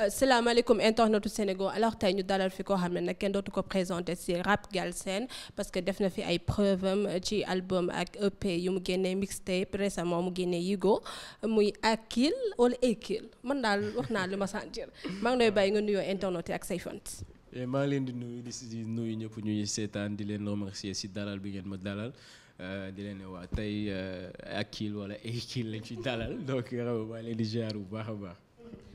Euh, salaamaaleykum internetu Sénégal alors tey ñu dalal fi koo xam ne nag kenn dootu ko présenté ci gall Galsen parce que def na fi ay preuve ci album ak EP yu mu génnee mixtape récemment mu génnee Yigo muy Akil wala Ekil man daal wax naa li ma sentir maa ngi lay bàyyi nga nuyoo internet ak say eh, maa ngi leen di nuyu nuyu ñëpp ñu seetaan di leen remercier si dalal bi ngeen ma dalal. Euh, di leen ne waa tey euh, Akil wala Ekil lañ fi dalal donc yow maa leen di ziar bu baax a baax.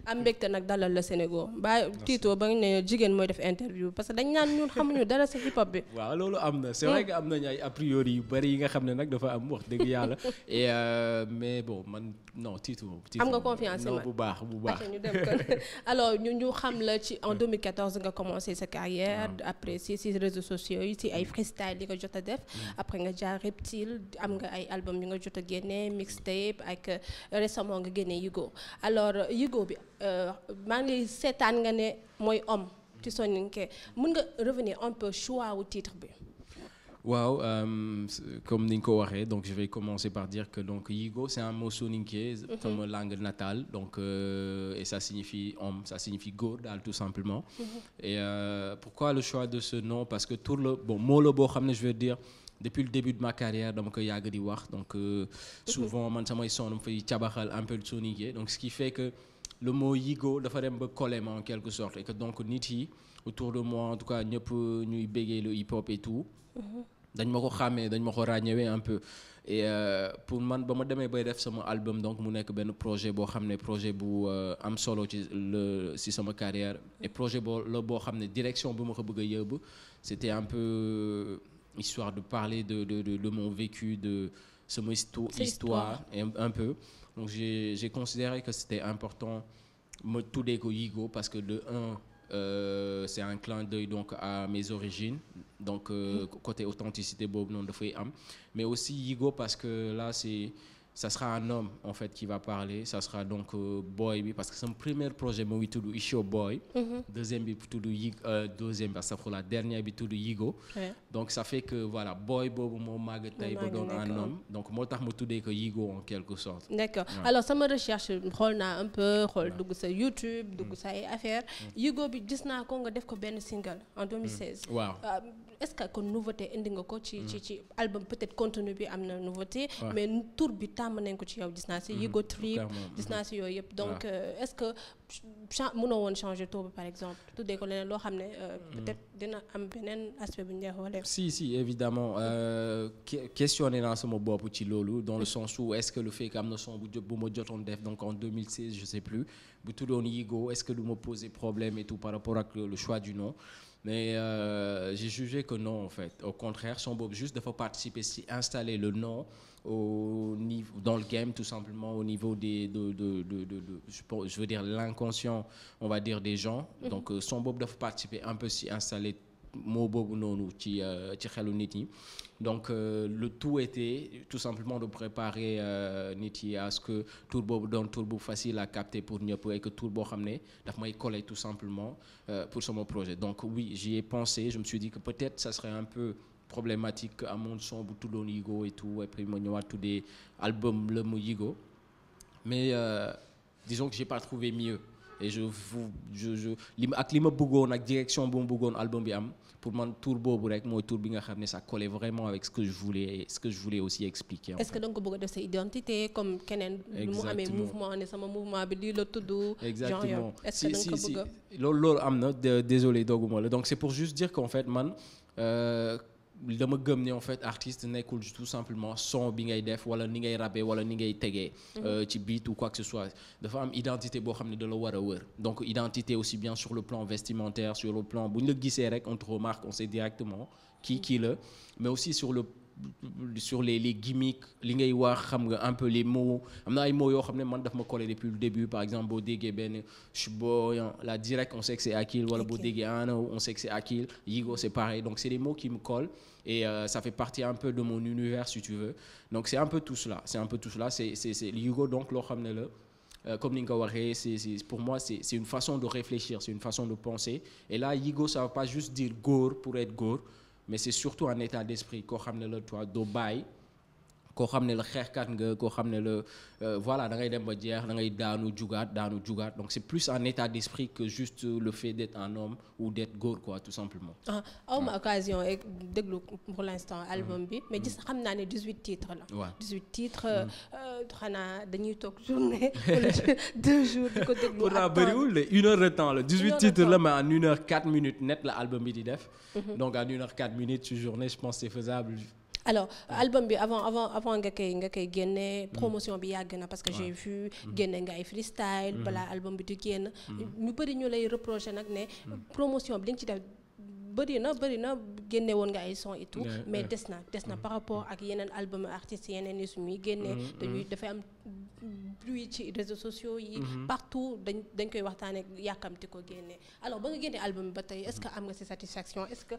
am mbégte nag dalal la Sénégal baa tiitoo ba nga ne jigéen mooy def interview parce que dañ naan ñun xamuñu dara si hip hop a priori yu bari yi nga xam ne nag dafa am wax dëgg yàlla et euh, mais bon man am nga confiance bu baax bu baax. ñu dem kon alors ñu ñu xam la ci en 2014 nga commencé sa carrière après si si réseaux sociaux yi ci ay freestyle yi nga jot a def. après nga jaar Reptile am nga ay album yi nga jot a génne mixtape ak euh, récemment nga génne Yugo alors Yugo bi. Euh, maa ngi seetaan nga ne mooy homme ci Soninké mën nga revenir un peu choix wu titre bi. waaw euh, comme ni nga ko waxee donc je vais commencer par dire que donc Yigo c'est un mot soninké mhm. comme langue natale donc euh, et ça signifie homme ça signifie góor daal tout simplement mm -hmm. et euh, pourquoi le choix de ce nom parce que tout le bon moo la boo xam ne je veux dire depuis le début de ma carrière dama ko yàgg di wax donc mhm. souvent man samay son dama fay cabaxal un peu soninké donc le mot yigo dafa dem ba collèment en quelque sorte et que donc nit yi autour de moi en tout cas ñëpp ñuy béggee le hip hop et tout. dañ ma ko xàmmee dañ ma ko ràññewee un peu et euh, pour man ba ma demee bay def sama album donc mu nekk benn projet boo xam ne projet bu euh, am solo ci si sama carrière et projet boo la boo xam ne direction bu ma ko bëgg a yëbb c'était un peu euh, histoire de parler de de de, de mon vécu de sama histoire, histoire un peu Donc j'ai considéré que c'était important Motuleko Yigo parce que de un, euh, c'est un clin d'œil donc à mes origines donc euh, mm. côté authenticité bob non de am mais aussi Yigo parce que là c'est ça sera un homme en fait qui va parler ça sera donc euh, boy bi parce que sama premier projet mu ngi tudd Isho Boy. Mm -hmm. deuxième bi tudd Yi euh, deuxième parce que la bi tudd Yigo. donc ça fait voilà boy boobu moo màgg tey ba doon un homme donc moo tax mu tuddee ko Yigo en quelque sorte. d' accord sama recherche xool naa un peu xool dugg sa YouTube dugg mm. sa ay affaire mm. Yigo bi gis naa ko nga def ko benn single en mm. est-ce que kon nouveauté indi nga ko. ci ci ci album peut-être contenu bi am na nouveauté. mais tour bi tàmm nañ ko ci yow gis naa si. Ego mhm. Trip mhm. gis naa si yooyu yëpp. donc euh, est-ce que cha mënoo woon changer tour bi par exemple. tuddee ko leneen loo xam ne. Euh, mhm. peut-être dina am beneen aspect bu ñu wala si si évidemment euh, questionné naa sama bopp ci loolu dans le sens où est-ce que le fait que am na son bu jot bu def donc en 2016 je sais plus bu tuddoon Ego est-ce que du ma poser problème et tout par rapport ak le choix mais euh, j'ai jugé que non en fait au contraire son boobu juste dafa participer si installer le nom au niveau dans le game tout simplement au niveau des de de de de, de je veux dire l'inconscient on va dire des gens mhm. donc euh, son boobu dafa participer un peu si installer moo boobu noonu ci euh, ci xelu nit ñi donc euh, le tout était tout simplement de préparer euh, nit yi à ce que tour boobu doon tour bu facile à capter pour ñëpp et que tour boo xam ne daf may coller tout simplement euh, pour sama projet donc oui j'y ai pensé je me suis dit que peut-être ça serait un peu problématique amoon son bu tuddoon Yigo et tout et puis ma ñëwaat tuddee album la mu Yigo mais euh, disons que j'ai pas trouvé mieux et je vous je je li ak li ma bëggoon ak direction bu ma bëggoon album bi am pour man tour boobu rek mooy tour bi nga xam ne ça collait vraiment avec ce que je voulais ce que je voulais aussi expliquer. est-ce ko bëgg a def sa keneen. exactement mu amee mouvement ne sama mouvement bi lii la tudd. exactement est que da nga loolu loolu am na désolé dogguma la donc c'est pour juste dire qu'en fait man. Euh, dama gëm ne en fait artiste nekkul tout simplement son bi ngay def wala ni ngay rabe wala ni ngay tegee mhm. euh, ci beat ou quoi que ce soit dafa am identité boo xam ne da war a wër donc identité aussi bien sur le plan vestimentaire sur le plan bu ñu la gisee rek on te remarque on sait directement kii kii la mais aussi sur le sur les les li ngay wax xam nga un peu les mots am na ay mots yoo xam ne man daf ma collé depuis le début par exemple boo déggee benn chboyan la direct on sait que wala boo déggee ana on sait que c'est Akil donc c'est des mots qui me Et euh, ça fait partie un peu de mon univers, si tu veux. Donc, c'est un peu tout cela. C'est un peu tout cela. C'est Hugo, donc, le ramenez-le. Euh, comme Ninkawaré, pour moi, c'est une façon de réfléchir, c'est une façon de penser. Et là, Yigo, ça ne va pas juste dire gore pour être gore, mais c'est surtout un état d'esprit. Ko ramenez-le, toi, Dubaï. koo xam ne la xeexkat nga koo xam ne la euh, voilà dangay dem ba jeex da ngay daanu jugaat daanu jugaat donc c'est plus un état d'esprit que juste le fait d'être un homme ou d'être góor quoi tout simplement. ah aw ma occasion rek eh, déglu pour l'instant album mm-hmm. bi mais gis mm-hmm. xam naa ne 18 titres la. waaw 18 titres. Mm-hmm. Euh, xanaa dañuy toog journée wala deux jours di ko déglu. pourtant bëriwul de une heure de temps la 18 titres la mais en une heure quatre minutes net la album bi di def. donc en une heure quatre alors album bi avant avant avant nga koy nga koy génne promotion bi yàgg na parce que j'ai vu mm-hmm. génne nga ay freestyle mm-hmm. balaa album bi di génn mm-hmm. ñu bëri ñu lay reproché nag ne promotion bi li nga ci def bëri na bëri na génne woon nga ay son et mais des na des na mm. par rapport ak yeneen album artistes yeneen yi suñuy génnee mm, mm. dañuy dafay am ci réseaux sociaux yi mm-hmm. partout dañ dañ koy waxtaane yàkkamti ko génne alors ba nga génne album ba tey est-ce que am nga si satisfaction est-ce que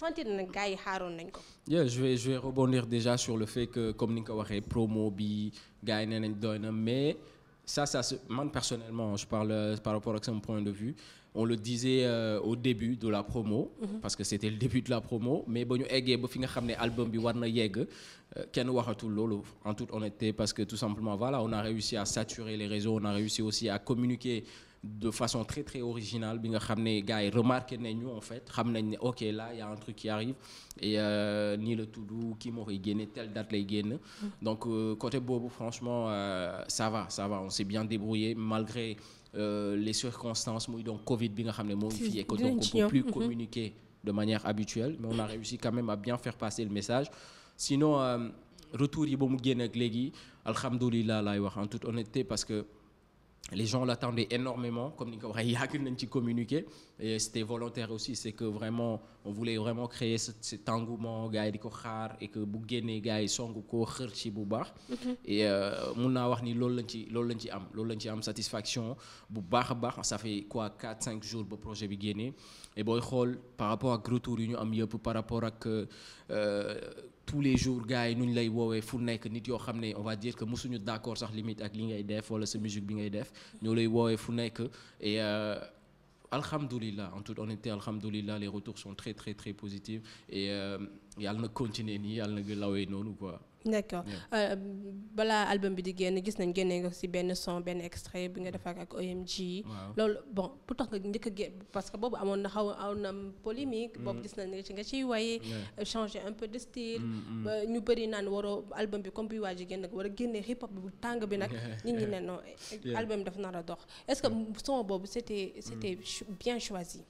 sentir na gars yi xaaroon nañ ko yeah je vais je vais rebondir déjà sur le fait que comme ni nga ko waxee promo bi gars yi nee nañ doy na mais ça, ça se, man, personnellement, je parle euh, par rapport à mon point de vue, on le disait euh, au début de la promo, mm -hmm. parce que c'était le début de la promo, mais bon, album bi warna yeg, euh, ken waxatul lolu en toute honnêteté parce que tout simplement voilà, on a réussi à saturer les réseaux, on a réussi aussi à communiquer de façon très très originale bi nga xam ne gars yi remarqué nañu en fait xam nañ ne ok là y a un truc qui arrive et euh, nii la tudd kii moo koy génne telle date lay génn mm. donc euh, côté boobu franchement euh, ça va ça va on s'est bien débrouillé malgré les circonstances muy donc Covid bi nga xam ne moo ngi fi et que donc on peut plus mm-hmm. communiquer de manière habituelle mais on a réussi quand même à bien faire passer le message sinon retour yi ba mu génn ak léegi alhamdulilah laay wax en toute honnêteté parce que les gens l'attendaient énormément comme ni nga ko waxee yàgg nañ ci communiqué et c'était volontaire aussi c'est que vraiment on voulait vraiment créer cet engouement gars yi di ko xaar et que bu génnee gars yi song koo xër bu baax mhm. et euh, mun naa wax ni loolu lañ ci loolu lañ ci am loolu lañ ci am satisfaction bu baax a baax ça quoi quatre cinq jours ba projet bi génnee et booy xool par rapport ak retour yu ñu am yëpp par rapport ak euh, tous les jours gars yi nu ñu lay woowee fu nekk nit yoo xam ne on va dire que mosuñu d'accord sax limite ak li ngay def wala sa musique bi ngay def ñoo lay woowee fu nekk et euh, alhamdulilah en toute honnêteté alhamdulilah les retours sont très très très positifs euh, yàlla na continuer nii yàlla na lawee noonu quoi. d'accord euh, balaa album bi di génn gis nañ génne nga ci benn son benn extrait bi nga mm. defar ak OMG. loolu bon pour tax nga njëkk a parce que boobu amoon na xaw aw na polémique. Mm. boobu gis nañ nga ci nga ciy waaye euh, changer un peu de style. Mm, ba ñu bëri naan waroo album bi comme bi waa ji génn war a génne hip hop bu tàng bi nag. nit ñi ne album daf nar a dox est-ce que son boobu c'était c'était bien choisi.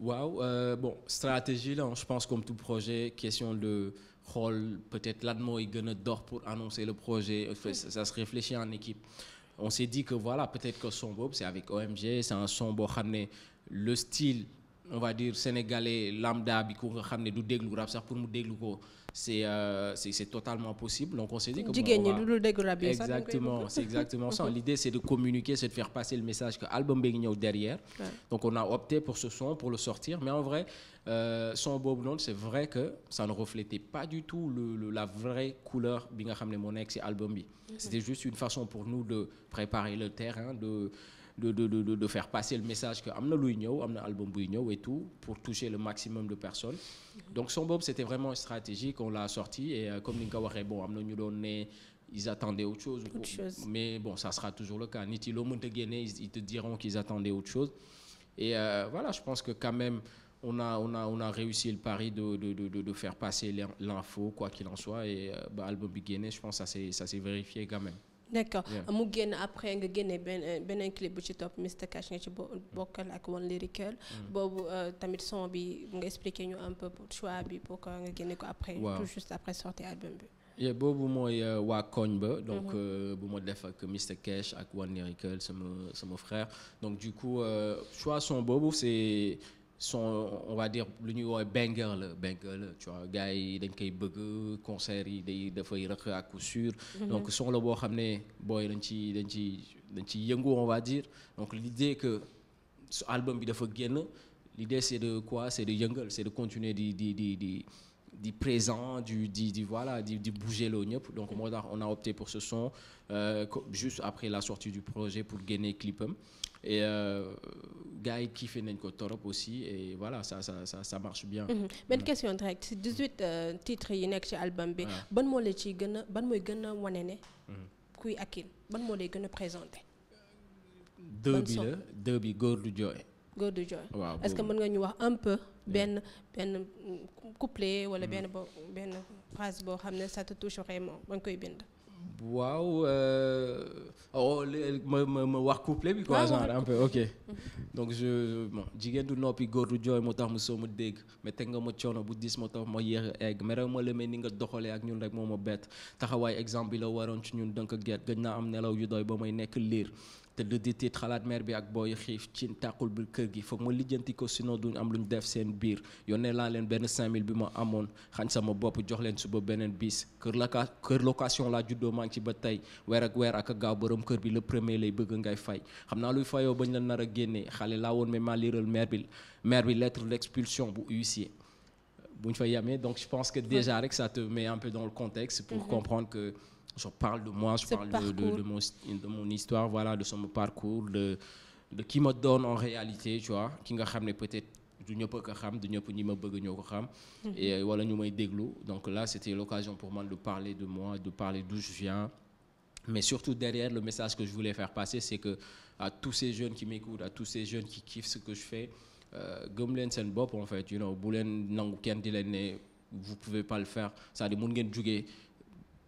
waaw euh, bon stratégie la je pense comme tout projet question de. xool peut-être lan mooy gën a dox pour annoncer le projet mm. ça se réfléchit en équipe on s'est dit que voilà peut-être que son boobu c'est avec OMG c'est un son boo xam ne le style on va dire sénégalais lambda bi ku nga xam ne du déglu rap sax pour mu déglu ko c'est euh, c'est totalement possible. Donc on s'est dit que bon, va... exactement, c'est exactement ça. L'idée c'est de communiquer, c'est de faire passer le message que album Begno derrière. Ouais. Donc on a opté pour ce son pour le sortir, mais en vrai euh, son Bob Blonde, c'est vrai que ça ne reflétait pas du tout le, le, la vraie couleur Binga Khamne Monek, c'est album B. C'était juste une façon pour nous de préparer le terrain, de de de de de faire passer le message que am na luy ñëw am na album buy ñëw et tout pour toucher le maximum de personnes donc son boobu c'était vraiment stratégique on l'a sorti et euh, comme ni nga ko waxee bon am na ñu doon ne ils attendaient autre chose. autre chose mais bon ça sera toujours le cas nit yi loo mënta génne ils te diront qu'ils attendaient autre chose et euh, je pense que quand même on a on réussi le pari de de de de faire passer l'info quoi qu'il en soit et euh, album bi génne je pense ça ça s'est vérifié quand même. nekk mu génn après nga génne benn euh, beneen clip bu ci topp Mr Cash nga ci bokkal ak One Lyrical mm. boobu euh, tamit son bi nga expliquer ñu un peu choix bi pourquoi nga génne ko après tout juste après sortie album bi boobu mooy euh, waa koñ ba mm-hmm. donc bu ma def ak Mr Cash ak One Lyrical sama sama frère donc du coup choix son boobu c'est son on va dire lu ñuy woowee banger la banger la tu vois gars yi dañ koy bëgg concert yi day dafay rëq à coup sûr. Mm-hmm. donc son la boo xam ne booy dañ ci dañ ci dañ ci yëngu on va dire donc l'idée que su album bi dafa génn l'idée c'est de quoi c'est de yëngal c'est de continuer di di di di di présent du di di voilà di di bouger loo ñëpp donc moo tax on a opté pour ce son euh, juste après la sortie du projet pour génne clipam et euh, gars yi kiifé nañ ko torop aussi et voilà ça ça ça ça marche bien. Mhm. Mm. benn question direct si 18 euh, titres yi nekk ci album bi. ban moo la ciy gën a ban mooy gën a wane ne. Mhm. kuy Hakill ban moo lay gën a présenté. deux bi la deux bi góor du jooy. góor du jooy waaw est-ce que mën nga ñu wax un peu benn benn couplet wala mm. benn bo benn phrase boo xam ne ça te touche vraiment ba koy bind. waaw euh, oh ma ma ma wax couplet bi quoi genre ok mhm. donc je jigéen du noppi góor du jooy moo tax ma soo ma dégg mais teg nga ma coono bu diis moo tax ma yéex a egg mais la ma ni nga doxalee ak ñun rek moo ma bett taxawaay exemple bi la waroon ci ñun dënk gerte gëj naa am nelaw yu doy ba may nekk liir tëdd di tiit xalaat mère bi ak booy xiif ci tàqul bi kër gi foog ma lijjanti ko sinon duñ am luñ def seen biir yónnee laa leen benn 5000 bi ma amoon xañ sama bopp jox leen suba beneen bis kër la kër location laa juddoo maa ngi ci ba tey weer ak weer ak gaaw borom kër bi la premier lay bëgg ngay fay xam naa luy fayoo bañ la nar a génnee xale laa woon mais maa liiral mère bi mère bi lettre d'expulsion bu huissier. bu ñu fa yamee donc je pense que déjà rek sa te met un peu dans je parle de moi, je de, mon, histoire, voilà, de son parcours, de, de qui me donne en réalité, tu vois, qui nga xamné peut-être du ñëpp ko xam du ñëpp ñi ma bëgg ñoo ko xam mhm. et euh, wala ñu may déglu donc là c'était l'occasion pour moi de parler de moi de parler d'où je viens mais surtout derrière le message que je voulais faire passer c'est que à tous ces jeunes qui m'écoutent à tous ces jeunes qui kiffent ce que je fais euh, gëm leen seen bopp en fait you know bu leen nangu kenn di leen ne vous pouvez pas le faire mun ngeen jugee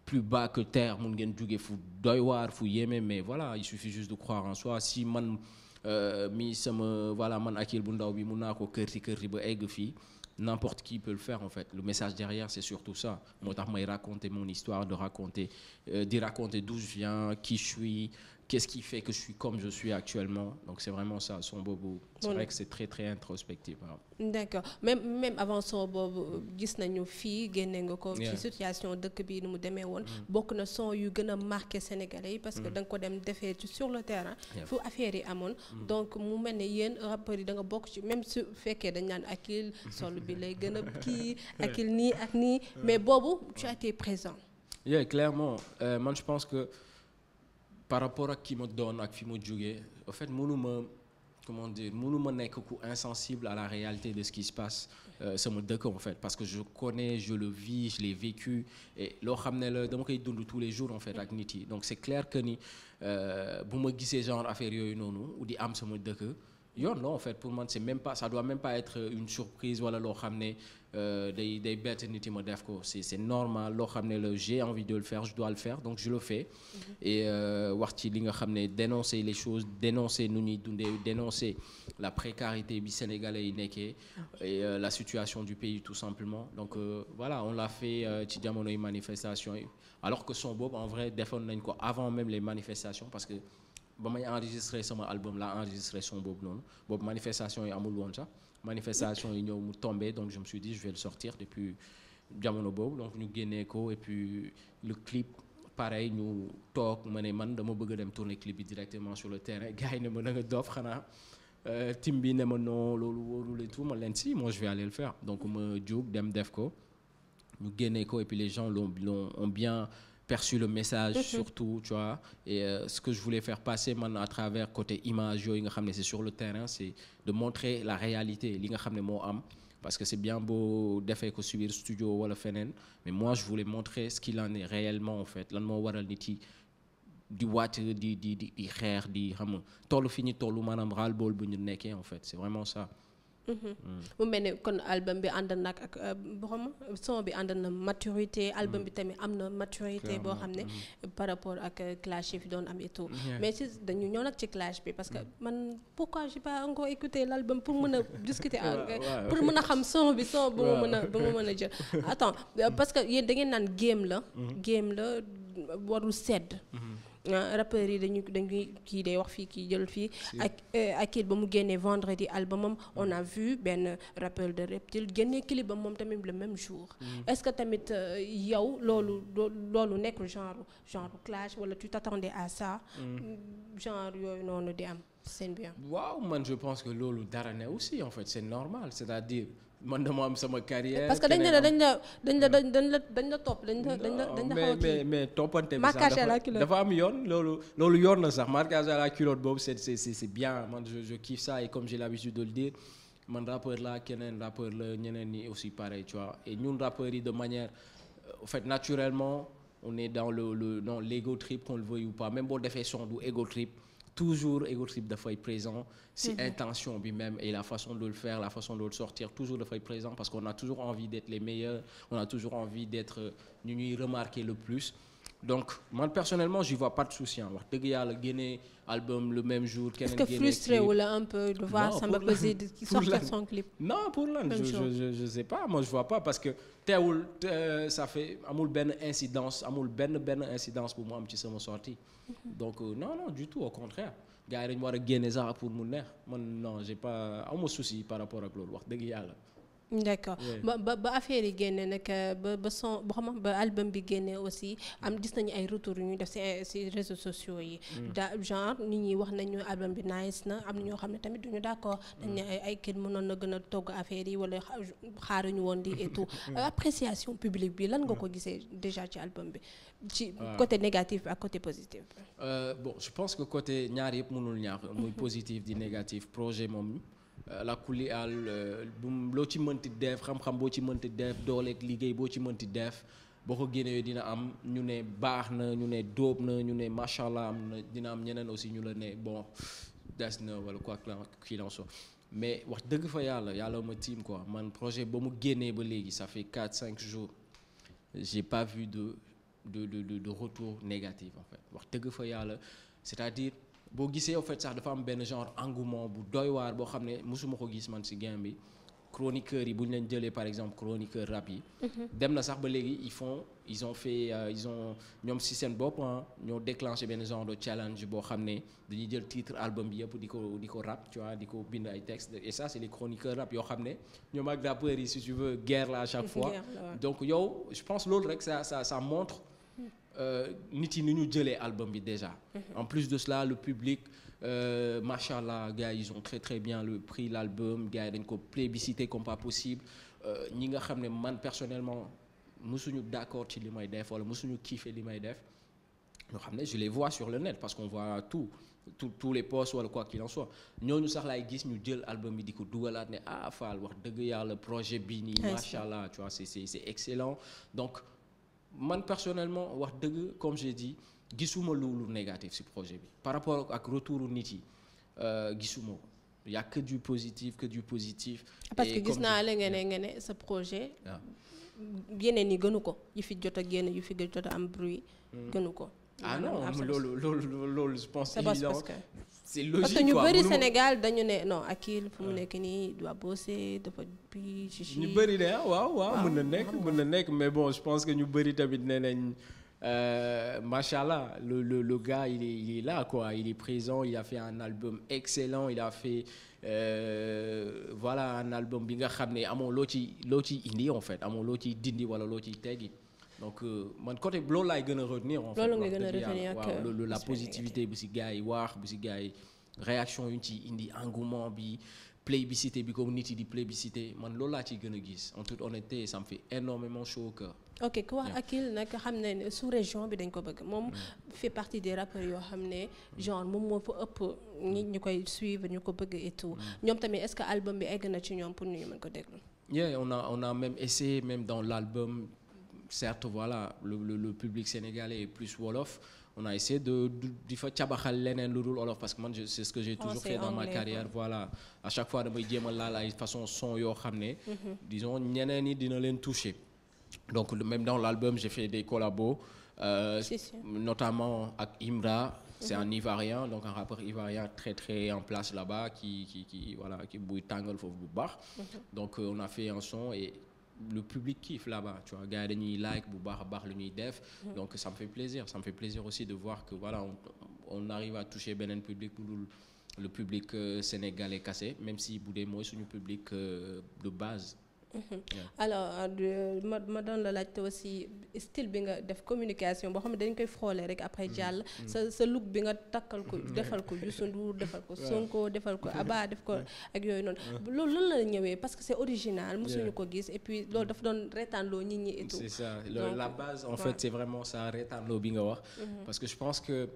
plus bas que terre mun ngeen jóge fu doy waar fu yéeme mais voilà il suffit juste de croire en soi si man euh, mi sama voilà man akil bu ndaw bi mun naa ko kërti kërti ba egg fii n'importe qui peut le faire en fait le message derrière c'est surtout ça moo tax may raconter mon histoire de raconter euh, di raconter d'où je viens qui je qu'est-ce qui fait que je suis comme je suis actuellement. Donc c'est vraiment ça, son bobo. C'est bon. vrai que c'est gis nañu fii génne nga ko ci situation dëkk bi nu mu demee woon. Mm. bokk na son yu gën a marqué Sénégalais yi parce que mm. danga ko dem defee ci sur le terrain. fu affaire yi amoon. Mm. donc mu mel ne yéen rappeurs danga da nga bokk ci même su fekkee dañ naan akil sol bi lay gën a kii akil nii ak nii mais boobu tu présent. clairement euh, je pense que. par rapport ak ki ma doon ak fi ma jógee en fait mënu ma comment mënu ma nekk ku insensible à la réalité de ce qui se passe euh, sama dëkk en fait parce que je connais je le vis je l'ai vécu et loo xam ne la dama koy dund tous les jours en fait ak nit yi donc c'est clair que ni euh, bu ma gisee genre affaire yooyu noonu di am sama dëkk yoon la en fait pour man c'est même pas ça doit même pas être une surprise wala loo xam ne Euh, day day bett yi ma def ko c'est normal loo xam ne la j'ai envie de le faire je dois le faire donc je le fais mm-hmm. et euh, wax ci li nga xam ne dénoncer les choses dénoncer nu ñuy dundee dénoncer la précarité bi sénégalais yi nekkee ah. et euh, la situation du pays tout simplement donc voilà on l'a fait ci jamono yi manifestation yi alors que son boobu en vrai defoon nañ ko avant même les parce que ba may enregistrer sama album laa enregistrer son boobu noonu boobu manifestation yi amul woon sax manifestation yi ñëw mu tombé donc je me suis dit je vais le sortir depuis jamono boobu donc ñu génnee ko et puis le clip pareil ñu toog ma ne man dama bëgg dem tourner clip bi directement sur le terrain gars yi ne ma da nga xanaa euh, tim bi ne ma non loolu wóorul et tout ma leen si moi je vais aller le faire donc ma jóg dem def ko ñu génnee ko et puis les gens l'ont l'ont bien perçu le message mhm. surtout tu vois et euh, ce que je voulais faire passer man à travers côté image yooyu nga xam ne c'est sur le terrain c'est de montrer la réalité li nga xam ne moo am parce que c'est bien beau defe ko subir studio wala feneen mais moi je voulais montrer ce qu'il en est réellement en fait lan moo waral nit yi di wàcc di di di xeex di xam nga toll fi ñu toll maanaam ras le bu ñu nekkee en fait c'est vraiment ça Mm-hmm. Mm. mu mel ne kon album bi ànd na ak euh, borom son bi ànd na maturité album bi mm. tamit am na maturité boo xam ne mm-hmm. par rapport ak euh, clash yi fi doon am et tout mais ci dañu ñëw nag ci clash bi parce que mm. man pourquoi j'ai pas encore écouté l'album pour mën a discuter pour mën a xam son bi son bu mu mën a bu mu a jël attends euh, parce que yéen da ngeen naan game la mm-hmm. game la warul sedd Ah, rappeurs yi dañu dañuy kii day wax fii kii jël fii. ak euh, ak ba mu génnee vendredi albumam on a vu benn rappeur de Reptyle génnee clip ba moom tamit le même jour. Mm. est-ce que tamit euh, yow loolu loolu nekkul genre genre clash wala tu t'attendais à ça. Mm. Mm, genre yooyu noonu di am seen bi waaw man je pense que loolu dara ne aussi en fait c'est normal c'est-à-dire. man dama am sama carrière. parce que dañ la dañ la dañ la dañ dañ la topp dañ la dañ la dañ la xaw a mais mais toppante bi sax dafa am yoon loolu loolu yoon na sax marquage à la culotte boobu c'est c'est c'est bien man je je ça et comme j'ai l'habitude de le dire man rappeur la keneen rapport la ñeneen ñi aussi pareil tu vois et ñun rappeurs yi de manière euh, en fait naturellement on est dans le le dans l'ego trip qu'on le veuille ou pas même boo defee son du ego trip. toujours Egor Sip dafay présent si mhm. intention bi même et la façon de le faire la façon de le sortir toujours dafay présent parce qu'on a toujours envie d'être les meilleurs on a toujours envie d'être ñu euh, ñuy remarquer le plus donc man personnellement j'y vois pas de souci wax dëgg yàlla génne album le même jour. keneen génne est-ce que frustré wu la un peu de voir Samba Peuzzi di son clip. non pour lan je sais pas parce que teewul ça fait amul benn incidence amul benn benn incidence bu mu am ci sama sortie mhm. donc euh, non non du tout au contraire gars yi war a génne sax pour mu neex man non j'ai pas amoo souci par rapport ak loolu wax dëgg yàlla. d' accord ba ba ba affaire yi génne nag ba ba son boo xam ba album bi génne aussi am gis nañu ay retours yu ñuy def si si réseaux sociaux yi. Mm. da genre nit ñi wax nañu album bi nice na am na ñoo xam ne tamit duñu d' accord mm. dañ ay ay kii mënoon na gën a togg affaire yi wala xaaruñu woon di et tout euh, appréciation publique bi lan nga ko mm. gisee déjà ci album bi. ci ah. côté négatif ak côté positif. Euh, bon je pense que côté ñaar yëpp mënul ñaar muy positif di négatif projet moom. Euh, la kulli àll euh, bu loo ci mënti def xam-xam boo ci mënti def dooleeg liggéey boo ci mënti def boo ko génnee dina am ñu ne baax na ñu ne doob na ñu ne macha allah am na dina am ñeneen aussi ñu la ne bon des na wala quoi qu'il en soit mais wax dëgg fa yàlla yàlla ma tiim quoi man projet ba mu génnee ba léegi ça fait 4 cinq jours j'ai pas vu de du du de retour négatif en fait wax dëgg fa yàlla c'est-à-dire. boo gisee au fait sax dafa am benn genre engouement bu doy waar boo xam ne mosuma ko gis man si gain bi chroniqueurs yi bu ñu leen jëlee par exemple chroniqueur rab yi. Mhm. dem na sax ba léegi ils font ils ont fait euh, ils ont ñoom si seen bopp ñoo déclenché benn genre de challenge boo xam ne dañuy jël titre album bi yëpp di ko di ko rap tu di ko bind ay textes et ça c' est les chroniqueurs yoo xam ne ñoom ak rappeurs yi si tu veux guerre la à chaque fois. donc yow je pense loolu rek ça ça ça montre. Euh, nit yi nu ñu jëlee album bi déjà. Mhm. en plus de cela le public euh, macha allah gars ils ont très très bien le prix l'album gars yi dañ ko plébiscité comme pas possible euh, ñi nga xam ne man personnellement mosuñu d'accord ci li may def wala mosuñu kiffé li may def. ñoo xam ne je les vois sur le net parce qu'on voit tout tout tous les posts wala quoi qu'il en soit ñooñu sax laay gis ñu jël album bi di ko dugalaat ne ah Fall wax dëgg yàlla projet bii nii macha allah tu vois c'est c'est donc man personnellement wax dëgg comme j'ai dit gisuma loolu négatif ci projet bi par rapport ak retouru nit yi euh, gisuma ko y a que du positif que du positif. Ah, parce que gis naa la nga ne nga ne sa projet. yeneen ni gënu ko yi fi jot a génn yu fi jot a am bruit. Mm. gënu ko. ah non loolu loolu loolu je pense c'est logique parce que ñu bëri Sénégal dañu ne ak kii fu mu nekk nii doit bosser dafa bi chichi ñu bëri de ah, waaw waaw mën na nekk mën na nekk mais bon je pense que ñu bëri tamit nee nañ euh, macha allah le le le gars il est il est là quoi il est présent il a fait un album excellent il a fait euh, voilà un album bi nga xam ne amoo loo ci loo ci indi en fait loo ci dindi wala loo ci teggi. donc euh, man côté loolu laay gën a retenir. en fait loolu nga gën a retenir ak waaw la positivité bi si gars yi waax bi si gars yi réaction yu ci indi engouement bi plébiscité bi comme nit yi di plébiscité man loolu laa ciy gën gis en toute honnêteté ça me fait énormément chaud au cœur. ok ku wax Akil nag xam ne ne sous région bi dañ ko bëgg moom mm. fait partie des rappeurs yoo xam ne mm. genre moom moo fa ëpp nit mm. ñu koy suivre ñu ko bëgg et ñoom tamit est-ce que album bi egg na ci ñoom pour ñu mën ko déglu. yeah on a on a même essayé même dans l'album certes voilà le, le, le public sénégalais est plus wolof on a essayé de di fa cabaxal leneen lu dul wolof parce que man c'est ce que j'ai toujours fait dans ma carrière voilà à chaque fois damay jéem a laal ay façon son yoo xam ne mhm. disons ñeneen ñi dina leen toucher donc même dans l'album j'ai fait des collabos euh, notamment avec Imra c'est mm -hmm. un Ivoirien donc un rappeur ivoirien très très en place là-bas qui qui qui voilà qui buy tàngal foofu bu baax mhm. donc euh, on a fait un son et le public kiffe là-bas tu vois gars like bu baax a baax lu ñuy def mm-hmm. donc ça me fait plaisir aussi de voir que voilà on, arrive à toucher beneen public bu dul le public sénégal euh, sénégalais cassé même si bu dee mooy suñu public euh, de base Mm-hmm. alors euh, ma ma doon la laajte aussi style bi nga def communication boo xam ne dañ koy froolee rek après mm-hmm. jàll. Mm-hmm. sa sa look bi nga takkal ko defal ko Youssou Ndour defal ko Sonko defal ko Abba def ko ak yooyu noonu loolu lan la ñëwee parce que c'est original mosuñu ko gis et puis loolu dafa doon reetaanloo nit ñi et tout. la base en fait c'est vraiment ça reetaanloo bi nga wax parce que je pense que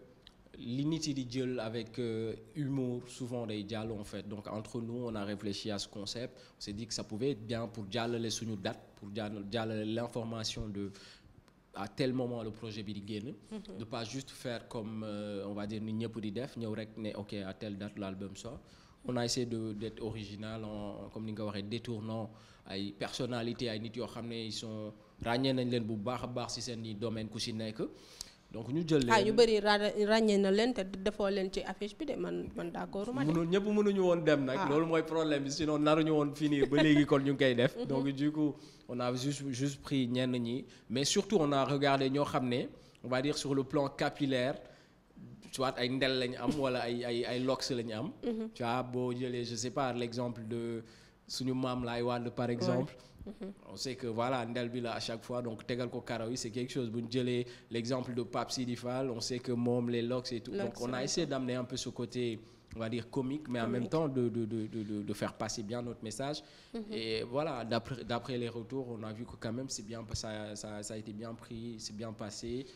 li nit yi di jël avec euh, humour souvent day jàll en fait donc entre nous on a réfléchi à ce concept on s'est dit que ça pouvait bien pour jàllale suñu date pour jàllale l'information de à tel moment le projet bi di génn mm-hmm. de pas juste faire comme euh, on va dire ni ñëpp di def ñëw rek ne ok à telle date l'album sort on a essayé de d'être original comme ni nga waxee détournant ay personnalité ay nit yoo xam ne ils sont ràññee nañ leen bu baax a baax ci seen i domaine ku ci donc ñu jël leen ah ñu bëri ràññee na leen te defoo leen ci affiche bi de man man d'accord ma mënu ñëpp mënuñu woon dem nag ah. loolu mooy problème bi sinon naruñu woon finir ba léegi kon ñu ngi koy def mhm. donc du coup on a juste juste pris ñenn ñi mais surtout on a regardé ñoo xam ne on va dire sur le plan capillaire soit ay ndel lañu am wala ay ay ay lox lañu am mhm. tu boo jëlee je sais pas l'exemple de suñu maam laay wàll par exemple on sait que voilà ndel bi la chaque fois donc tegal ko karaw yi c'est quelque chose bu ñu jëlee l'exemple de Pape Sidi Fall que moom les locks et tout donc on essayé d'amener un peu ce côté comique mais en même temps de de de de de faire passer bien notre message mhm. et voilà d'après d'après les retours on a vu que quand même c'est bien été bien pris c'est bien passé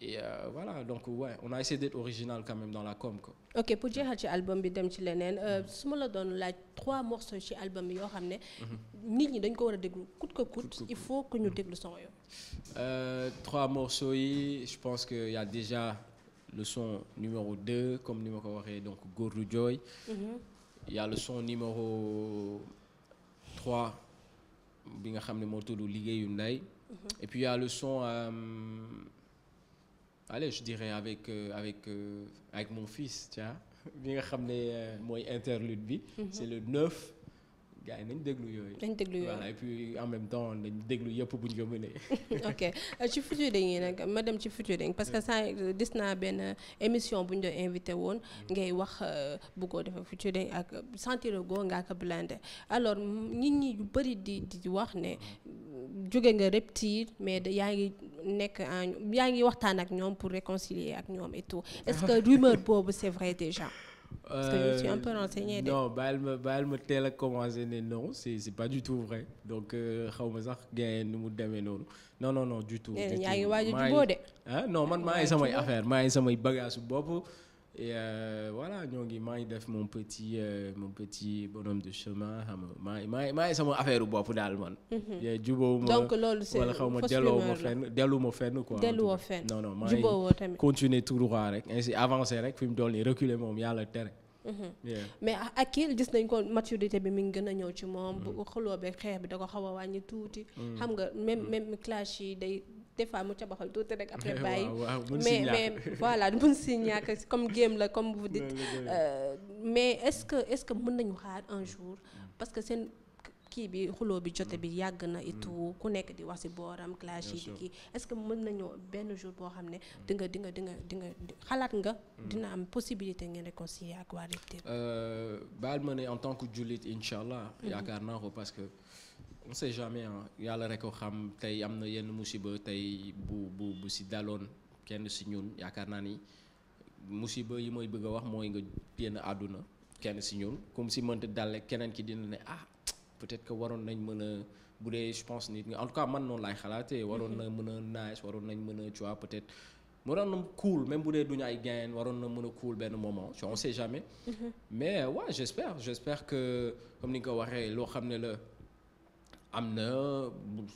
et euh, voilà donc ouais on a essayé d'être original quand même dans la com quoi. ok pour jeexal ci album bi dem ci leneen euh, mm-hmm. su ma la doon laaj trois morceaux ci album bi yoo xam ne. Mm-hmm. nit ñi dañ ko war a déglu coûte que coûte. il faut que ñu mm-hmm. déglu son yooyu. Euh, trois morceaux yi je pense que y a déjà le son numéro 2 comme ni ma ko waxee donc Gordu Joy. il y a le son numéro 3 bi nga xam ne moo tudd liggéeyu ndey. et puis il y a le son. Euh, allez je dirais avec euh, avec euh, avec mon fils tiens bi nga xam ne euh, mooy interlude bi. Mhm. c'est le 9. gars yi nañ déglu yooyu. nañ déglu yooyu voilà et bu ñu ko mënee. ok euh, ci Futuring yi nag ma dem ci Futuring parce que saa gis naa benn émission bu ñu doon invité woon. Mm. ngay wax euh, bëggoo defar Futuring ak sentir go ngaa ko blindé alors nit ñi yu bëri di di wax ne. Mm. jóge nga reptile mais yaa ngi nekk en yaa ngi waxtaan ak ñoom pour réconcilier ak ñoom et tout est-ce que ah. rumeur boobu c'est vrai déjà. Parce que je suis un peu ma baal ma teel a commencé ne naw c'est c'est pas du tout vrai donc euh, xaw ma sax gars nu mu demee noonu non non non du tout. yaa ngi waaj a de. ah man maa ngi samay affaire maa ngi samay bagage bopp. et ñoo euh, ngi maa def mon petit euh, mon petit bonhomme de chemin xam sama affaire bopp daal man. Mhm. jubóowu ma donc loolu c' est wala xaw ma delloo ma fenn dellu ma fenn quoi. delluwoo fenn non non maa ngi continuer tout droit rek ainsi avancer rek fi mu dool nii reculer moom yàlla tere. Mhm. mais Akil gis nañ ko maturité bi mi ngi gën a ñëw ci moom. Mm. bu xuloo beeg xeex bi da ko xaw a wàññi tuuti. Mm. xam nga même mm. même clash yi day. des fois mu cabaxal tuuti rek après bàyyi mais mais voilà mun si ñàkk comme game la comme vous dites euh, mais est-ce que est-ce que mën nañu xaar un jour parce que seen kii bi xuloo bi jote bi yàgg na itu mm. ku nekk di wax ci booram clash yi di kii est-ce que mën nañoo benn jour boo xam ne mm. di nga di nga di nga di nga xalaat nga mm. dina am possibilité ngeen réconcilier ak waa Reptile euh, baal ma ne en tant que jullit incha allah mm-hmm. yaakaar naa ko parce que on sait jamais ah yàlla rek ko xam tey am na yenn musiba tey bu bu si daloon kenn si ñun yaakaar naa ni musiba yi mooy bëgg a wax mooy nga génn àdduna kenn si ñun comme si mënta dale keneen ki dina ne ah peut-être que waroon nañ mën bu dee je pense nit nga en tout cas man noonu laay xalaatee. Mm-hmm. waroon na mën a nice waroon nañ mën a tu vois peut-être. waroon na cool même bu dee duñu ay gain waroon na mën a cool benn moment on sait jamais. Mm-hmm. mais waaw ouais, j'espère j'espère que ni nga ko loo xam ne am na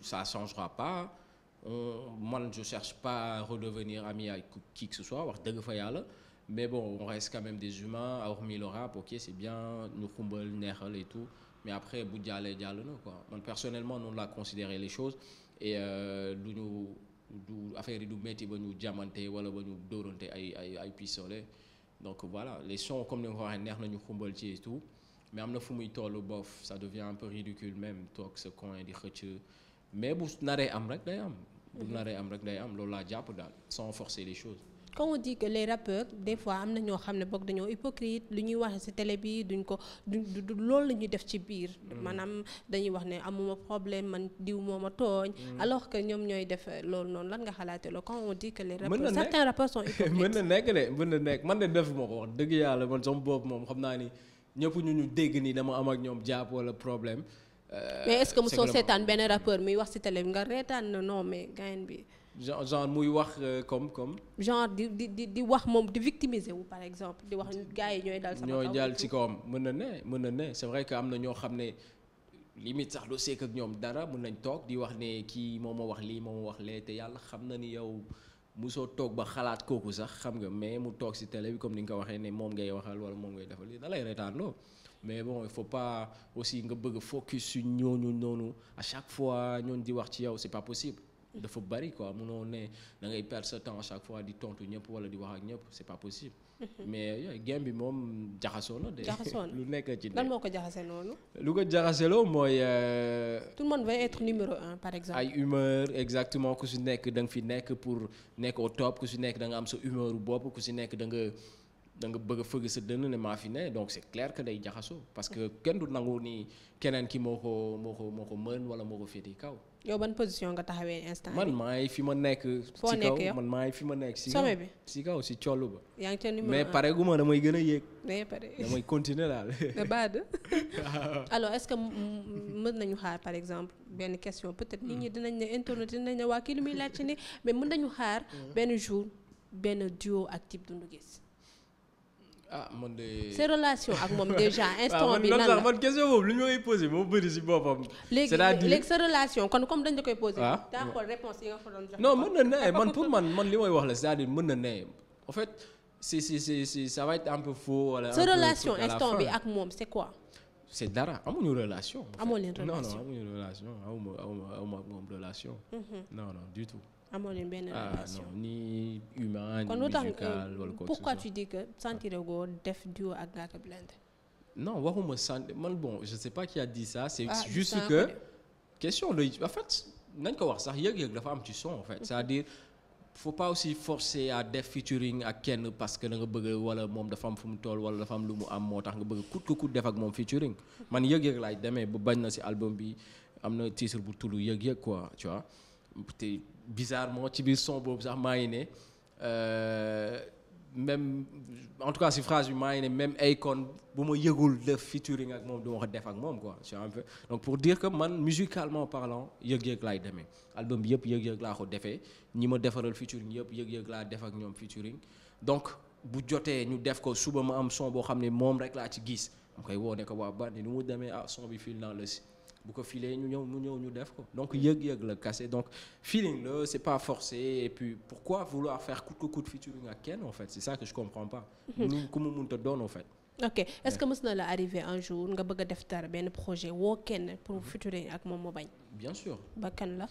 sa changera pas euh, man je cherche pas à redevenir ami avec qui que ce soit wax dëgg fa yàlla mais bon on reste quand même des humains hormis le rap ok c'est bien ñu xumbal neexal et mais après bu jàllee jàll na quoi man personnellement noonu la considérer les choses et euh, du ñu du affaire du métti ba ñu jamante wala ba ñu doronte ay ay ay pistolet donc voilà les sons comme ni nga ko waxee neex nañu xumbal ci et mais am na fu muy tollu boof ça devient un peu ridicule même toog sa coin di xëcc mais bu naree am rek day am. bu mhm. naree am rek day am loolu laa jàpp daal sans forcer les choses. quand on dit que les rappeurs fois am na ñoo xam ne boog dañoo hypocrite lu ñuy wax ci télé bi duñ ko duñ du loolu la ñuy def ci biir. Mhm. maanaam dañuy wax ne amuma problème man diw moo ma tooñ. Mhm. alors que ñoom ñooy def loolu noonu lan nga xalaatee loolu quand on dit que les ko wax yàlla man sama boobu moom xam naa ni. ñëpp ñu ñu dégg nii dama am ak ñoom jàpp wala problème. Euh, mais est-ce que mosoo seetaan benn rappeur muy wax ci télé nga reetaan na non mais gain bi. genre muy wax euh, comme comme. genre di di di wax moom di victimiser wu par exemple di wax gars yi ñooy dal. sama ñooy dal kawam mën na ne mën na ne c'est vrai que am na ñoo xam ne limite sax loo seek ak ñoom dara mën nañ toog di wax ne kii moom moo wax lii moom moo wax lee te yàlla xam na ni yow. musoo toog ba xalaat kooku sax xam nga mais mu toog si télé bi comme ni nga ko waxee ne moom ngay waxal wala moom ngay defal lii da lay retaan loo mais bon il faut pas aussi nga bëgg focus su ñooñu noonu à chaque fois ñooñu di wax ci yow c'est pas possible. dafa bari quoi munoo ne da ngay perdre sa temps à chaque fois di tontu ñëpp wala di wax ak ñëpp c'est pas possible. mais yooyu game bi moom jaxasoo na de. jaxasoo lu nekk ci. lan moo ko jaxase noonu. lu ko loo mooy. Euh, tout le monde être numéro un par exemple. ay humeur exactement ku si nekk da nga fi nekk pour nekk au top ku si nekk da nga am sa humeur bopp ku si nekk da nga. da nga bëgg a fëgg sa dënn ne maa fi ne donc c'est clair que day jaxasoo parce que kenn du nangu ni keneen ki moo ko moo ko moo ko mën wala moo ko féete kaw. yow position nga taxawee instant man maay fi ma nekk. foo nekk yow man maay ma nekk. si kaw si si collu ba. yaa ngi ca numéro gu ma damay gën yéeg. day pare damay continuer daal. nga baad alors est-ce que mën nañu xaar par exemple benn question peut-être nit ñi mm. dinañ ne internet dinañ ne waa kii lu muy laajte ne mais mën nañu xaar mm. benn jour benn duo ak Type Doundou ah man de. ses relations ak moom déjà ah, instant bi. lan la man question boobu lu ñu may posé moo bëri si boppam. c'est-à-dire léegi sa relation kon comme dañ la koy posé. ah daa xool réponse yi nga fa doon jox. man pour man man li may wax la c'est-à-dire mën na ne en fait si si si si ça va être un peu faux. wala sa relation instant bi ak moom c'est quoi. c'est dara amuñu relation. amoo leen relation non non amuñu relation awuma awuma awuma moom relation. Mhm. non non du amoo leen benn ah, relation nii non ni humain kon lu tax eh, pourquoi tu dis que sentir go def duo ak Ngaaka Blindé non waxuma sant man bon je sais pas qui a dit ça c'est ah, juste que question la en ko wax sax yëg-yëg dafa am ci son en fait mhm. c'est-à-dire faut pas aussi forcer à def featuring ak kenn parce que da nga bëgg wala moom dafa am fu mu tool wala dafa am lu mu am moo tax nga bëgg kut ko kut def ak moom featuring mhm. man yëg-yëg laay demee bu bañ na si album bi am na titre bu tudd yëg-yëg quoi tu vois te bizarrement ci biir son boobu sax maa ngi ne euh, même en tout cas si phrase bi maa ngi ne même Akon bu ma yëgul def featuring ak moom du ma ko def ak moom quoi c'est pour dire que man musicalement parlant yëg-yëg lay demee album bi yëpp yëg-yëg laa ko defee ñi ma defaral featuring yëpp yëg-yëg laa def ak ñoom featuring donc bu jotee ñu def ko suba ma am son boo xam ne moom rek laa ci gis am koy woo ne ko waa bandi nu mu demee ah son bi fil naa la si bu ko filee ñu ñëw mu ñëw ñu def ko donc yëg-yëg la kase donc feeling la c'est pas forcé et puis pourquoi vouloir faire coûte que coûte featuring ak kenn en fait c'est ça que je comprends pas nu ku mu munta doon en fait ok est-ce que mës na la arrivé un jour nga bëgg a def benn projet woo kenn pour mhm. featuring ak moom mu bañ bien sûr ba kan la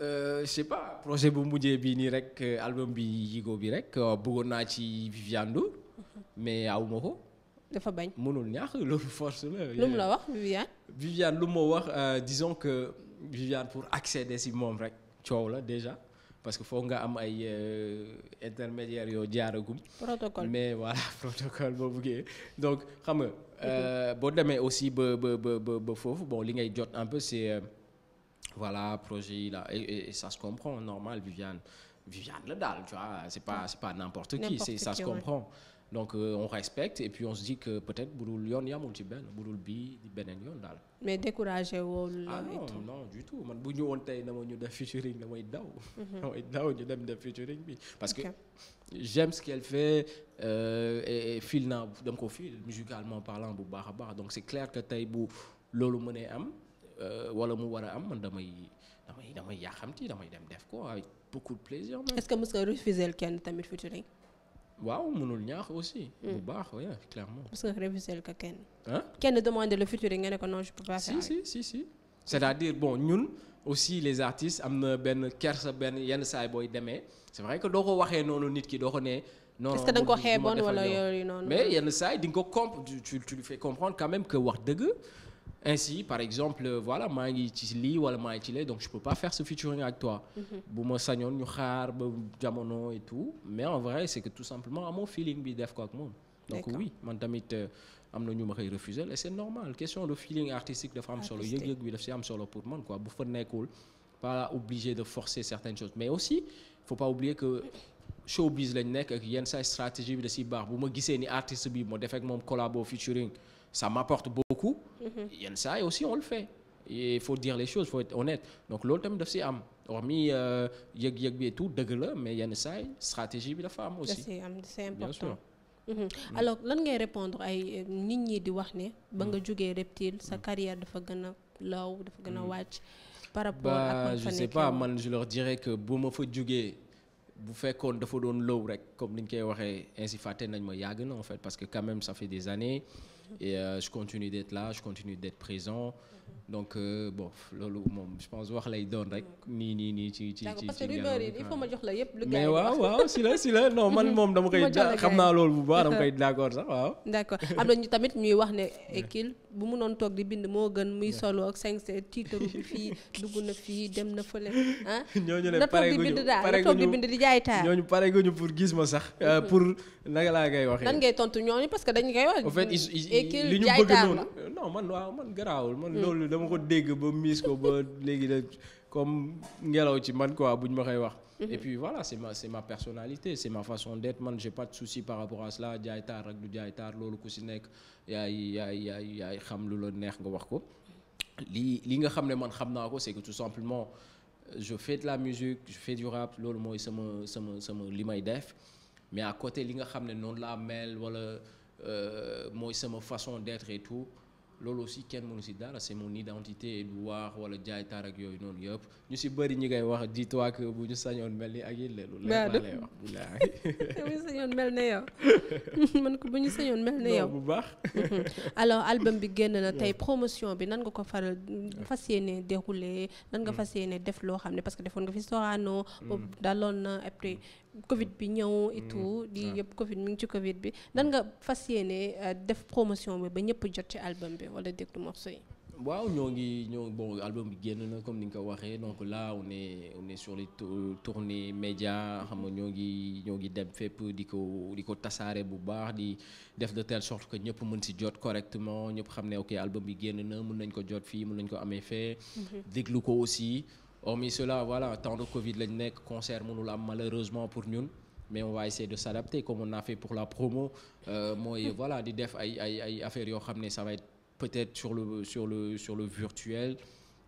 euh, je sais pas projet bu mujjee bii nii rek euh, album bi yigo bi rek euh, bëggoon naa ci Viviane Ndour mhm. mais awuma ko dafa bañ mënul ñax loolu force la. lu mu la wax Viviane. Viviane lu moo wax euh, disons que Viviane pour accéder si moom rek coow la déjà parce que foog nga am ay euh, intermédiaires yoo jaaragum. protocole mais voilà protocole boo buggee xam nga. Euh, boo demee aussi ba ba ba li ngay jot un projet yi là et, ça se comprend normal Viviane Viviane la daal tu vois c'est pas c'est pas n'importe qui c'est ça se comprend. donc euh, on respecte et puis on se dit que peut-être bu dul yoon yamul ci benn bu dul bii beneen yoon daal. mais découragé woon la. ah non du tout man bu ñëwoon tey na ma ñu def featuring damay daw. Mhm. damay daw ñu dem def featuring bi. parce que j'aime ce qu'elle fait euh, et fil naa dama ko fil musicalement parlant bu baax a baax donc c'est clair que tey bu loolu mënee am euh, wala mu war a am man damay damay damay yàqamti damay dem def ko avec beaucoup de plaisir. est-ce que mos nga refuser kenn tamit featuring waaw mënul ñaax aussi. bu hmm. baax oui clairement. parce que ko kenn. kenn demandé le futur yi nga ne ko non je peux pas faire. si si si si c'est-à-dire bon ñun aussi les artistes am na benn kersa benn yenn saay booy demee c'est vrai que doo ko waxee noonu nit ki doo ko ne. non est-ce ko xeeboon wala yooyu noonu. mais yenn saay di ko comp tu tu lui fais comprendre quand même wax dëgg. ainsi par exemple euh, voilà maa ngi ci lii wala maa ngi ci lee donc je peux pas faire ce featuring ak toi. Mhm. bu ma sañoon ñu xaar ba jamono et tout mais en vrai c'est que tout simplement amoo feeling bi def ko ak moom. donc oui man tamit euh, am na ñu ma koy refuser et c'est normal question de feeling artistique dafa am solo yëg-yëg bi daf si am solo pour man koo bu fa nekkul pas obligé de forcer certaines choses mais aussi faut pas oublier que showbiz lañ nekk ak yenn sa stratégie bi da si baax bu ma gisee ni artiste bi ma def ak moom collabo featuring. ça m'apporte beaucoup. Mhm. yenn saa aussi on le fait. il faut dire les choses faut être honnête donc loolu tamit daf si am hormis euh, yëg-yëg bi et tout dëgg la mais yenn saa yi stratégie bi dafa am. aussi daf si am c'est important mhm. mm. alors lan ngay répondre ay euh, nit ñi di wax ne ba nga mm. jógee Reptile sa mm. carrière dafa gën a law dafa gën a wàcc par rapport ak man je sais pas je leur dirais que bu ma fa jógee bu fekkoon dafa doon law rek comme ni ñu koy waxee ainsi fàtte nañ ma yàgg na en fait parce que quand même ça et euh, je continue d'être là je continue d'être présent donc euh, bon loolu moom je pense wax lay doon rek nii nii nii ci ci ci. parce que rumeur yi il faut ma jox la yëpp. lu mais waaw waaw si la si la non man moom dama koy. xam naa loolu bu baax dama koy d'accord sax waaw. d'accord am na ñu tamit ñuy wax ne équipe bu mu noon togg di bind moo gën muy solo ak cinq sept tiitaru fii dugg na fii dem na fële ah. ñooñu ne pare guñu bind daal na toog di bind di jaay taar. ñooñu pare guñu pour gis ma sax. Euh, mm-hmm. pour naka laa ngay wax lan ngay tontu ñooñu parce que dañu koy wax. en fait li ñu bëgg noonu non man waaw man garaawul man mm. loolu dama ko dégg ba miis ko ba léegi da comme ngelaw ci man quoi ñu ma koy wax. et mhm. puis voilà c'est ma c'est ma personnalité c'est ma façon d'être man j'ai pas de souci par rapport à cela jaay taar ak du jaay taar loolu ku si nekk yaay yaay yaay yaay xam lu la neex nga wax ko li li nga xam ne man xam naa ko c'est que tout simplement je fais de la musique je fais du rap loolu mooy sama sama sama li may def mais à côté li nga xam ne noonu laa mel wala euh, mooy sama façon d'être et tout loolu aussi kenn mënu si dara c'est mon identité du waax wala jaay taar ak yooyu noonu yëpp ñu si bëri ñi ngay wax dis-toi que bu ñu sañoon mel ni ak yi leelu la lay wax bu laa bu mel ne man ko bu ñu sañoon mel ne bu baax alors album bi génn na tey promotion bi nan nga ko faral fas yéene déroulé nan nga mm. fas yéene def loo xam ne parce que defoon nga fi Sorano mm. boobu daloon na après mm. covid bi ñëw et tout di yëpp covid mi ngi ci covid bi nan nga fas yéene euh, def promotion bi ba ñëpp jot ci album bi wala déglu morceau yi. waaw ñoo ngi ñoo album bi génn na comme ni nga ko waxee donc là on est on est sur les tournées médias xam nga ñoo ngi ñoo ngi dem fépp di ko di bu baax di def de telle sorte que ñëpp mën si jot correctement ñëpp xam ne ok album bi génn na mën nañ ko jot fii mën nañ ko amee fee. Mhm. déglu ko aussi hormis cela voilà temps de Covid lañ nekk concert mënul am malheureusement pour ñun. mais on va essayer de s'adapter comme on a fait pour la promo euh, mooy voilà di def ay ay ay peut-être sur le sur le sur le virtuel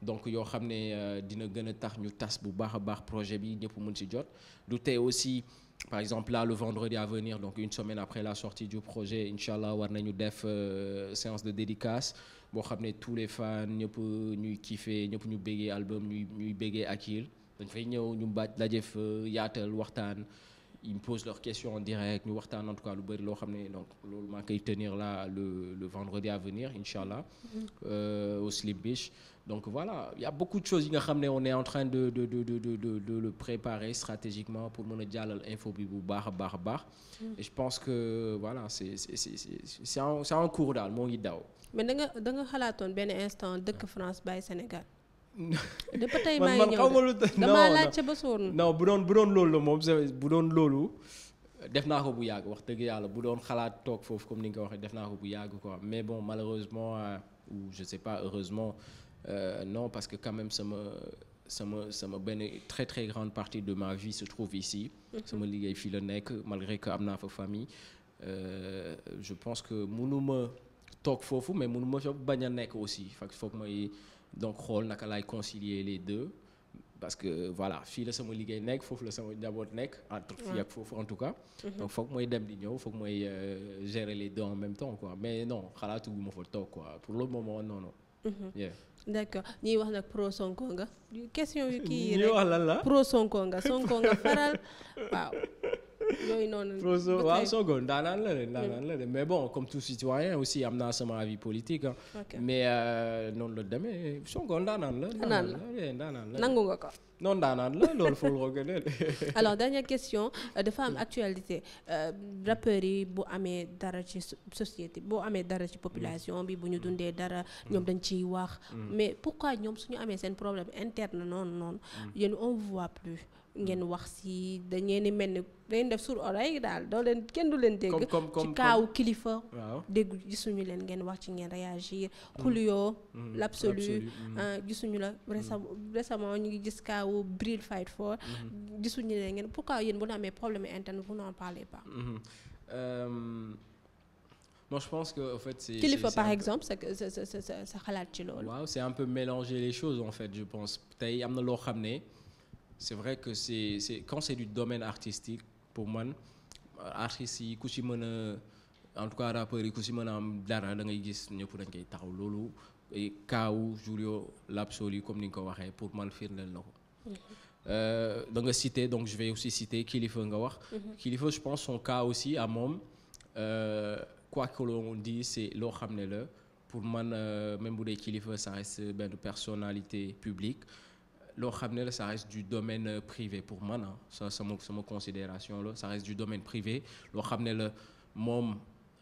donc yoo xam ne euh, dina gën a tax ñu tas bu baax a baax projet bi ñëpp mën si jot du tey aussi par exemple là le vendredi à venir donc une semaine après la sortie du projet incha allah war nañu def euh, séance de dédicace boo xam ne tous les fans ñëpp ñuy kiffer ñëpp ñu béggee album ñuy ñuy béggee Akil dañ fay ñëw ñu mbaaj daje fa yaatal waxtaan ils me posent leurs questions en direct ñu waxtaan en tout cas loo xam ne donc loolu maa koy tenir là le le vendredi à venir incha mm-hmm. euh, au Slip Beach donc voilà ya y beaucoup de choses yi nga xam ne on est en train de de de de de de, de le préparer stratégiquement pour mën a jàllal info bi bu baax a baax a baax. Mm-hmm. et je pense que voilà c'est c'est c'est c'est c'est cours daal moo ngi daw. mais da nga xalaatoon benn instant dëkk France bàyyi Sénégal. depuis tey maa ngi ñëw damaa laajte ba sonn non bu doon bu doon loolu la moom bu doon loolu def naa ko bu yàgg wax dëgg yàlla bu doon xalaat toog foofu comme ni nga ko waxee def naa ko bu yàgg ko mais bon malheureusement euh, ou je sais pas heureusement euh, parce que quand même sama sama sama benn très très grande partie de ma vie se trouve ici mhm. sama liggéey fii la nekk malgré que am naa fa famille euh, je pense que ma toog foofu mais mënuma fa bañ a nekk aussi fak foog may donc xool naka laay concilier les deux parce que voilà fii la sama liggéey nekk foofu la sama njaboot nekk entre fii ak foofu en tout cas mhm. donc foog mooy dem di ñëw foog mooy euh, gérer les deux en même temps quoi mais non xalaatu gu ma fa toog quoi pour le moment non non mhm. d'accord ñuy wax nag pro Sonko nga question yu kii rek ñuy wax lan la pro Sonko nga faral waaw yooyu noonu. waaw Sogone daanaan la de daanaan la de mais bon comme tout citoyen am naa sama avis politique ah. mais noonu la demee Sogone daanaan la. la daanaan la nangu nga ko. non daanaan la loolu foofu la ko gënal. alors dernière question euh, dafa am actualité euh, rappeurs yi bu amee dara ci société boo amee dara ci population bi bu ñu mm. dundee dara mm. ñoom dañ ciy wax. Mm. mais pourquoi ñoom su ñu amee seen problème interne noonu noonu. yéen on voit plus. ngeen mm. wax si da ngeen di mel ni dañuy def sur oreille daal doo leen kenn du leen dégg ci kaawu kilifa dégg gisuñu leen ngeen wax ci ngeen réagir mm. la mm. l'absolu ah, gisuñu la récemment ñu ngi gis kaawu Bril Fight For mm-hmm. gisuñu leen ngeen pourquoi yéen bu ñu amee problème interne vous n'en parlez pas mm-hmm. euh, moi je en fait c'est kilifa par exemple sa sa sa sa xalaat ci loolu waaw c'est un peu mélanger les choses en fait tey am na loo xam ne c'est vrai que c'est c'est quand c'est du domaine artistique pour man artistes yi ku ci mën a en tout cas rappeurs yi ku ci mën a am dara da ngay gis ñëpp dañ koy taxaw loolu eh, kaawu Julio Lapsol yi comme ni nga ko waxee pour man firndeel na ko mhm. euh, da nga cité donc je vais aussi citer Kilifeu nga wax mhm. Kilifeu je pense son cas aussi à moom euh, quoi que l'on dit c'est loo xam ne la pour man euh, même bu dee kilifa ça reste benn personnalité publique loo xam ne la ça reste du domaine euh, privé pour man ah ça sama sama considération la ça reste du domaine privé loo xam ne la moom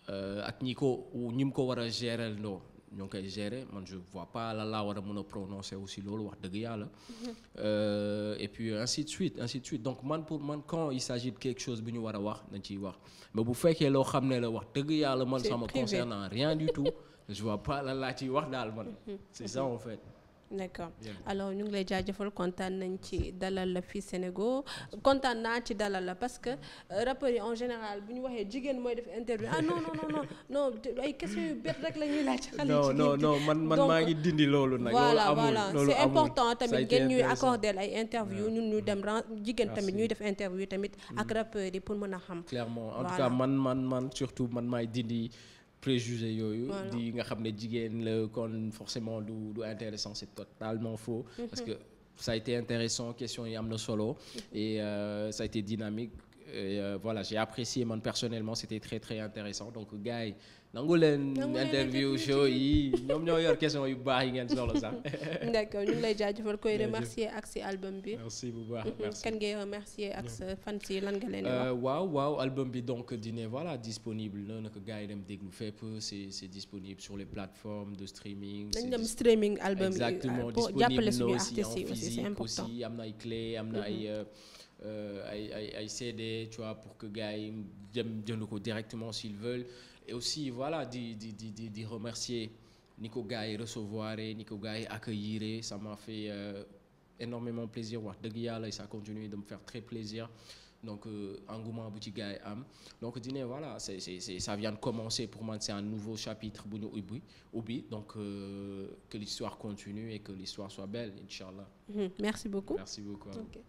euh, ak ñi ko ñi mu ko war a gérer ndoo ñoo ngi koy gérer man je vois pas la laa war a mun a prononcer aussi loolu wax dëgg yàlla mm-hmm. euh, et puis ainsi de suite ainsi donc man pour man quand il s'agit de quelque chose bu ñu war a wax nañ ciy wax mais bu fekkee loo xam ne la wax dëgg yàlla man ça me concerne rien du tout je vois pas la laa ciy wax daal man mm-hmm. c'est ça en d'accord alors ñu ngi lay jaajëfal kontaan nañ ci dalal la fii Sénégal kontaan naa ci dalal la parce que euh, rappeurs yi en général bu ñu waxee jigéen mooy def interview ah non non non non ay questions yu bët rek la ñuy laaj. xale non non man man maa ngi dindi loolu nag. voilà voilà c'est important tamit ngeen ñuy accordeel ñun ñu dem ren jigéen tamit ñuy def interview tamit ak mm. rappeurs yi pour mën a xam. clairement en man man man surtout man maay dindi. préjugé yooyu di nga xam ne jigéen la kon forcément du du intéressant c'est totalement faux mm-hmm. parce que ça a été intéressant question yi am na solo et euh, ça a été dynamique Et euh, voilà j'ai apprécié man personnellement c'était très très intéressant donc gars yi nangu leen interview show yi ñoom ñoo yor question yu baax yi ngeen soxla sax d'accord ñu ngi lay jaajëfal koy ak si album bi merci bu baax kan ngay remercier ak sa fan si lan nga leen euh, wax waaw waaw album bi donc dine voilà disponible na naka gars yi dem déglu fépp c'est c'est disponible sur les plateformes de streaming dañ dem streaming album exactement euh, disponible na aussi en physique aussi am na ay am na ay Euh, ay ay ay CD tu vois pour que gars yi jëm jënd ko directement s'ils veulent et aussi voilà di di di di di remercier ni ko gars yi recevoir ni ko gars yi accueillir ça m'a fait euh, énormément plaisir wax dëgg yàlla et ça continue de me faire très plaisir donc euh, engouement bu ci gars yi am donc dine voilà c'est c'est c'est ça vient de commencer pour moi c'est un nouveau chapitre bu ñu ubbi ubbi donc euh, que l'histoire continue et que l'histoire soit belle inchallah. Mmh, merci beaucoup merci beaucoup. Okay.